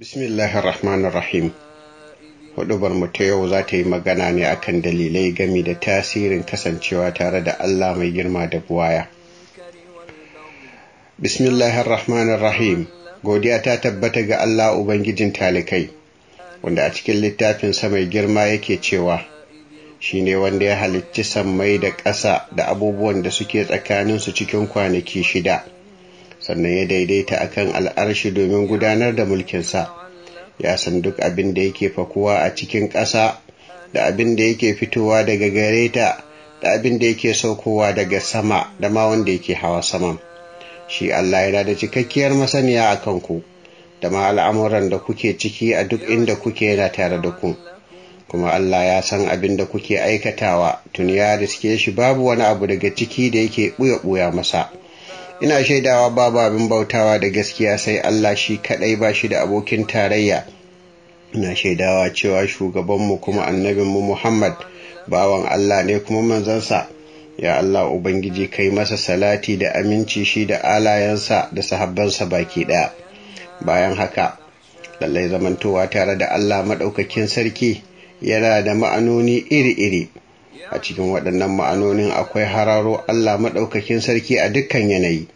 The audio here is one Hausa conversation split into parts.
bismillahir rahmanir rahim hudubar mu ta yau za ta yi magana ne akan dalilai gami da tasirin kasancewa tare da Allah mai girma da buwaya bismillahir rahmanir rahim godiya ta tabbata ga Allah ubangijin talikai wanda a cikin littafin mai girma yake cewa shi ne wanda ya halicci sammai da ƙasa da abubuwan da suke tsakaninsu cikin kwanaki shida sannan ya daidaita akan al'arshi domin gudanar da mulkinsa ya san duk abin da yake fakuwa a cikin ƙasa da abin da yake fitowa daga gare ta da abin da yake saukowa daga sama da ma wanda yake hawa saman shi Allah yana da cikakkiyar masaniya a kanku da ma al'amuran da kuke ciki a duk inda kuke yana tare da ku kuma Allah ya san abin da kuke aikatawa tuni ya riske shi babu wani abu daga ciki da yake ɓuya buya masa ina shaidawa babu abin bautawa da gaskiya sai Allah shi kadai ba shi da abokin tarayya ina shaidawa cewa shugabanmu kuma annabinmu Muhammad bawan Allah ne kuma manzansa ya Allah ubangiji kai masa salati da aminci shi da alayensa da sahabbansa baki ɗaya. bayan haka lallai zamantowa tare da Allah maɗaukakin sarki yana da ma'anoni iri-iri a cikin waɗannan ma'anonin akwai hararo Allah maɗaukakin sarki a dukkan yanayi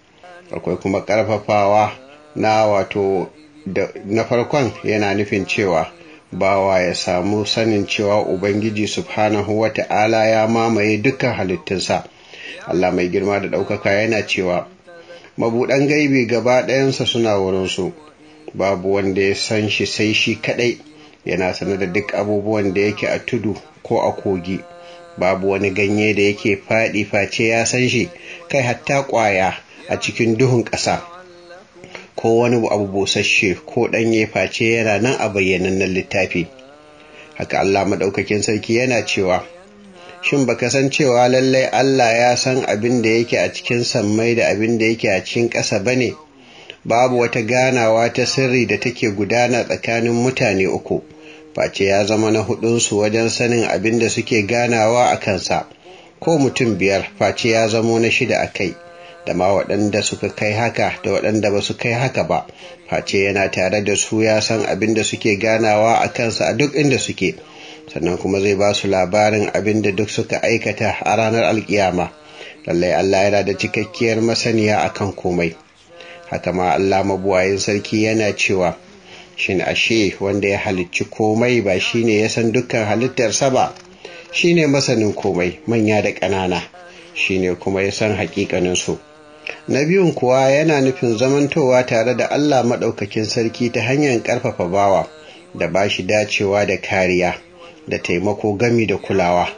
akwai kuma ƙarfafawa na wato na farkon yana nufin cewa bawa ya samu sanin cewa ubangiji subhanahu wa ta'ala ya mamaye dukkan halittunsa Allah mai girma da ɗaukaka yana cewa mabuɗan gaibi gaba ɗayansa suna wurinsu babu wanda ya san shi sai shi kaɗai yana sanar da duk abubuwan da yake a tudu ko a kogi babu wani ganye da yake faɗi face ya san shi kai hatta ƙwaya a cikin duhun ƙasa ko wani abu busasshe ko ɗanye face yana nan a bayyanannen littafi haka Allah maɗaukakin sarki yana cewa shin baka san cewa lallai Allah ya san abin da yake a cikin sammai da abin da yake a cikin ƙasa ba ne babu wata ganawa ta sirri da take gudana tsakanin mutane uku face ya zama na hudunsu wajen sanin abin da suke ganawa a kansa ko mutum biyar face ya zamo na shida a kai da ma waɗanda suka kai haka da waɗanda ba su kai haka ba face yana tare da su ya san abin da suke ganawa a kansa a duk inda suke sannan kuma zai ba su labarin abin da duk suka aikata a ranar alkiyama lallai allah yana da cikakkiyar masaniya akan komai haka ma allah mabuwayin sarki yana cewa shin ashe wanda ya halicci komai ba shine ya san dukkan halittarsa ba shine masanin komai manya da ƙanana shine kuma ya san hakikanin su na biyun kuwa yana nufin zamantowa tare da allah maɗaukakin sarki ta hanyar ƙarfafa bawa da ba shi dacewa da kariya da taimako gami da kulawa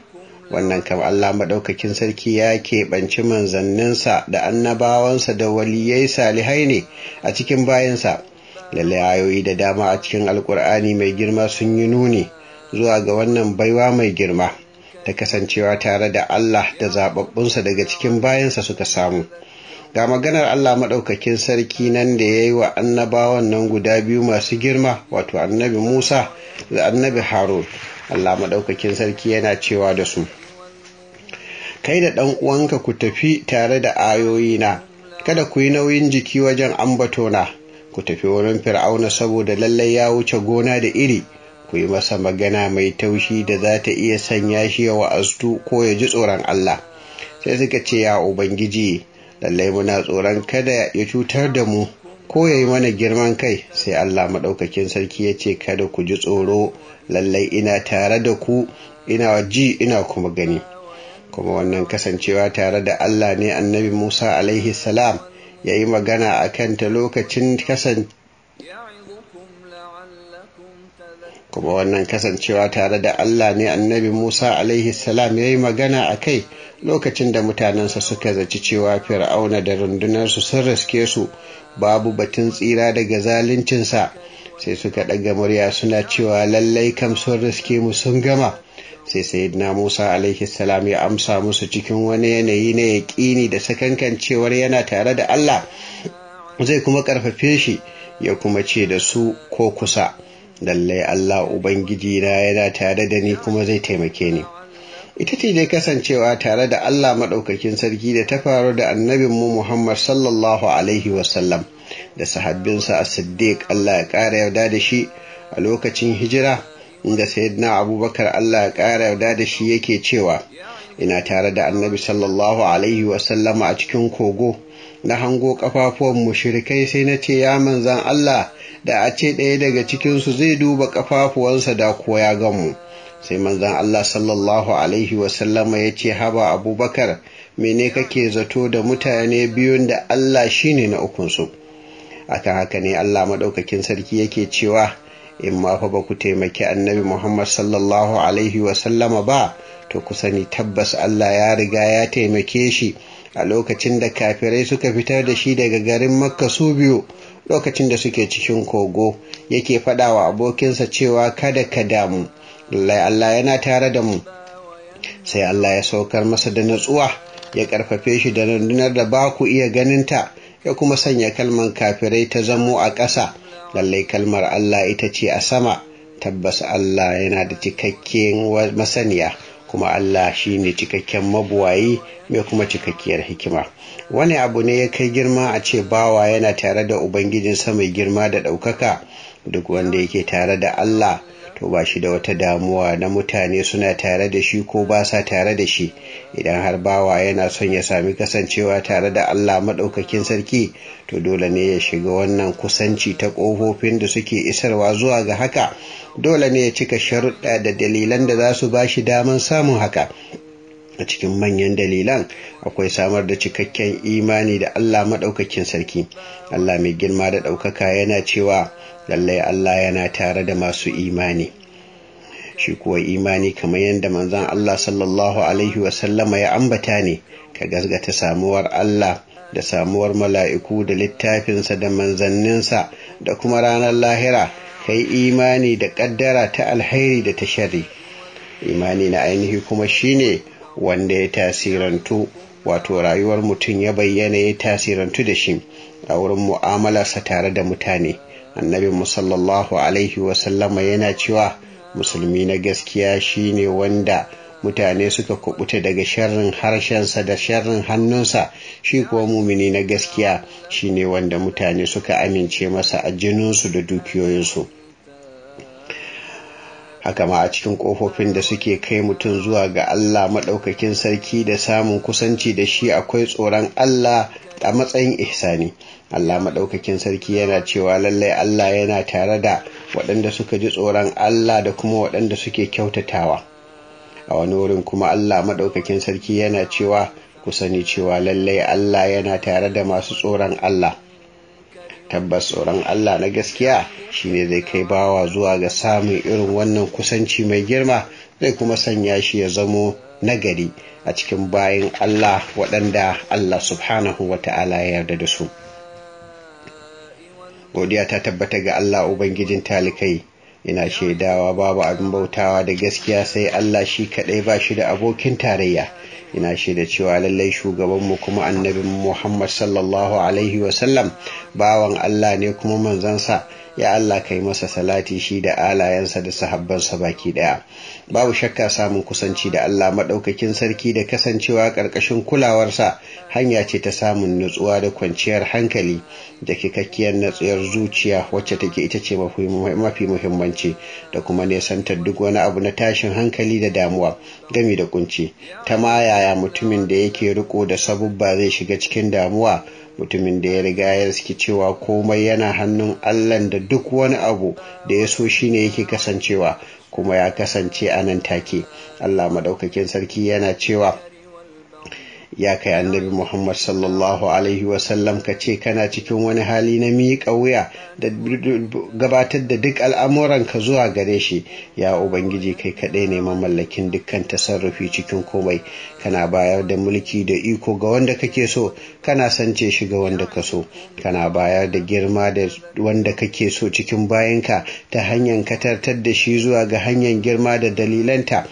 wannan kam allah maɗaukakin sarki ya keɓanci manzanninsa da annabawansa da waliyai salihai ne a cikin bayansa lalle ayoyi da dama a cikin alkur'ani mai girma sun yi nuni zuwa ga wannan baiwa mai girma ta kasancewa tare da Allah da zaɓaɓɓunsa daga cikin bayansa suka samu ga maganar Allah maɗaukakin sarki nan da ya yi wa annabawan nan guda biyu masu girma wato annabi Musa da annabi Harun Allah maɗaukakin sarki yana cewa da su kai da ɗan uwanka ku tafi tare da ayoyina kada ku yi nauyin jiki wajen ambatona ku tafi wurin fir'auna saboda lallai ya wuce gona da iri ku yi masa magana mai taushi da za ta iya sanya shi ya wa'aztu ko ya ji tsoron Allah sai suka ce ya ubangiji lallai muna tsoron kada ya cutar da mu ko ya yi mana girman kai sai Allah maɗaukakin sarki ya ce kada ku ji tsoro lallai ina tare da ku ina ji ina kuma gani kuma wannan kasancewa tare da Allah ne annabi Musa alaihi salam ya yi magana a kanta lokacin kuma wannan kasancewa tare da Allah ne annabi Musa alaihi salam ya yi magana a kai lokacin da mutanensa suka zaci cewa fir'auna da rundunarsu sun raske su babu batun tsira daga zaluncinsa sai suka ɗaga murya suna cewa lallai kam sun raske mu sun gama sai sayyidina Musa alaihi salam ya amsa musu cikin wani yanayi na yaƙini da sakankancewar yana tare da Allah zai kuma ƙarfafe shi ya kuma ce da su ko kusa lallai Allah ubangiji na yana tare da ni kuma zai taimake ni ita ce dai kasancewa tare da Allah maɗaukakin sarki da ta faru da annabinmu Muhammad sallallahu alaihi wasallam da sahabbinsa a siddiq Allah ya ƙara yarda da shi a lokacin hijira inda sayyidina abubakar allah ya ƙara yarda da shi yake cewa ina tare da annabi sallallahu alaihi wasallama a cikin kogo na hango kafafuwan mushrikai sai na ce ya manzan allah da a ce ɗaya daga cikinsu zai duba kafafuwansa da kuwa ya gamu sai manzan allah sallallahu alaihi wasallama ya ce haba abubakar mene kake zato da mutane biyun da allah shine na ukunsu akan haka ne allah maɗaukakin sarki yake cewa in ma fa ba ku taimaki annabi Muhammad sallallahu alaihi wasallama ba to ku sani tabbas Allah ya riga ya taimake shi a lokacin da kafirai suka fitar da shi daga garin makka su biyu lokacin da suke cikin kogo yake faɗawa abokinsa cewa kada ka damu lallai Allah yana tare da mu sai Allah ya saukar masa da natsuwa ya karfafe shi da rundunar da ba ku iya ganinta ya kuma sanya kalman kafirai ta zamo a ƙasa lallai kalmar Allah ita ce a sama tabbas Allah yana da cikakken masaniya kuma Allah shi ne cikakken mabuwayi mai kuma cikakkiyar hikima wani abu ne ya kai girma a ce bawa yana tare da ubangijinsa mai girma da ɗaukaka duk wanda yake tare da Allah to ba shi da wata damuwa na mutane suna tare da shi ko ba sa tare da shi idan har bawa yana son ya sami kasancewa tare da Allah maɗaukakin sarki to dole ne ya shiga wannan kusanci ta ƙofofin da suke isarwa zuwa ga haka dole ne ya cika sharuɗa da dalilan da za su ba shi damar samun haka a cikin manyan dalilan akwai samar da cikakken imani da Allah maɗaukakin sarki Allah mai girma da ɗaukaka yana cewa lallai Allah yana tare da masu imani shi kuwa imani kamar yadda manzon Allah sallallahu alaihi wasallama ya ambata ne ka gasgata samuwar Allah da samuwar mala'iku da littafinsa da manzanninsa da kuma ranar lahira kai imani da ƙaddara ta alheri da ta shari imani na ainihi kuma shine wanda ya tasirantu wato rayuwar mutum ya bayyana ya tasirantu da shi a wurin mu'amalarsa tare da mutane annabi musallallahu alaihi wasallama yana cewa musulmi na gaskiya shine wanda mutane suka kubuta daga sharrin harshensa da sharrin hannunsa shi kuwa mumini na gaskiya shine wanda mutane suka amince masa a jininsu da dukiyoyinsu haka ma a cikin ƙofofin da suke kai mutum zuwa ga Allah maɗaukakin sarki da samun kusanci da shi akwai tsoron Allah a matsayin ihsani Allah maɗaukakin sarki yana cewa lallai Allah yana tare da waɗanda suka ji tsoron Allah da kuma waɗanda suke kyautatawa a wani wurin kuma Allah maɗaukakin sarki yana cewa ku sani cewa lallai Allah yana tare da masu tsoron Allah tabbas tsoron Allah na gaskiya shine zai kai bawa zuwa ga samun irin wannan kusanci mai girma zai kuma sanya shi ya zamo nagari a cikin bayan Allah waɗanda Allah subhanahu wa ta'ala ya yarda da su godiya ta tabbata ga Allah ubangijin talikai ina shaidawa babu abin bautawa da gaskiya sai Allah shi kaɗai ba shi da abokin tarayya ina shaida cewa lallai shugabanmu kuma annabin Muhammad sallallahu alaihi wasallam bawan Allah ne kuma manzansa ya Allah kai masa salati shi da alayensa da sahabbansa baki daya babu shakka samun kusanci da Allah maɗaukakin sarki da kasancewa ƙarƙashin sa hanya ce ta samun nutsuwa da kwanciyar hankali da kikakkiyar natsuwar zuciya wacce take ita ce mafi muhimmanci da kuma nesantar duk wani abu na tashin hankali da damuwa gami da kunci ta ma yaya mutumin da yake riko da sabubba zai shiga cikin damuwa mutumin da ya riga ya riski cewa komai yana hannun allah da duk wani abu da ya so shine yake kasancewa kuma ya kasance a nan take allah madaukakin sarki yana cewa ya kai annabi Muhammad sallallahu Alaihi wasallam ka ce kana cikin wani hali na miƙa wuya da gabatar da duk al'amuranka zuwa gare shi ya Ubangiji kai kaɗai ne mamallakin dukkan tasarrufi cikin komai kana bayar da mulki da iko ga wanda kake so kana sance shi ga wanda ka so kana bayar da girma da wanda kake so cikin bayanka ta hanyar katartar da shi zuwa ga hanyar girma da dalilanta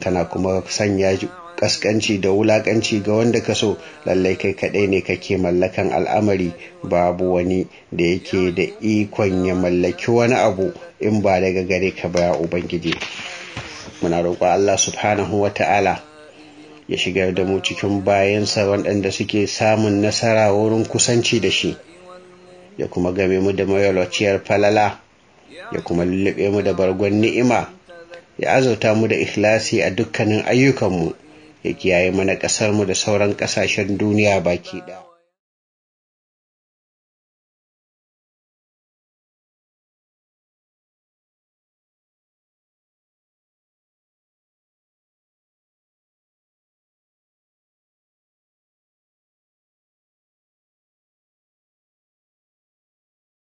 kana kuma sanya kaskanci da wulakanci ga wanda ka so lallai kai kaɗai ne kake mallakan al'amari babu wani da yake da ikon ya mallaki wani abu in ba daga gare ka ba ubangiji muna roƙo Allah subhanahu wa ta'ala ya shigar da mu cikin bayansa waɗanda suke samun nasara wurin kusanci da shi ya kuma game mu da mayalwaciyar falala ya kuma lullube mu da bargon ni'ima ya azauta mu da ikhlasi a dukkanin ayyukanmu ya kiyaye mana ƙasarmu da sauran ƙasashen duniya baki ɗaya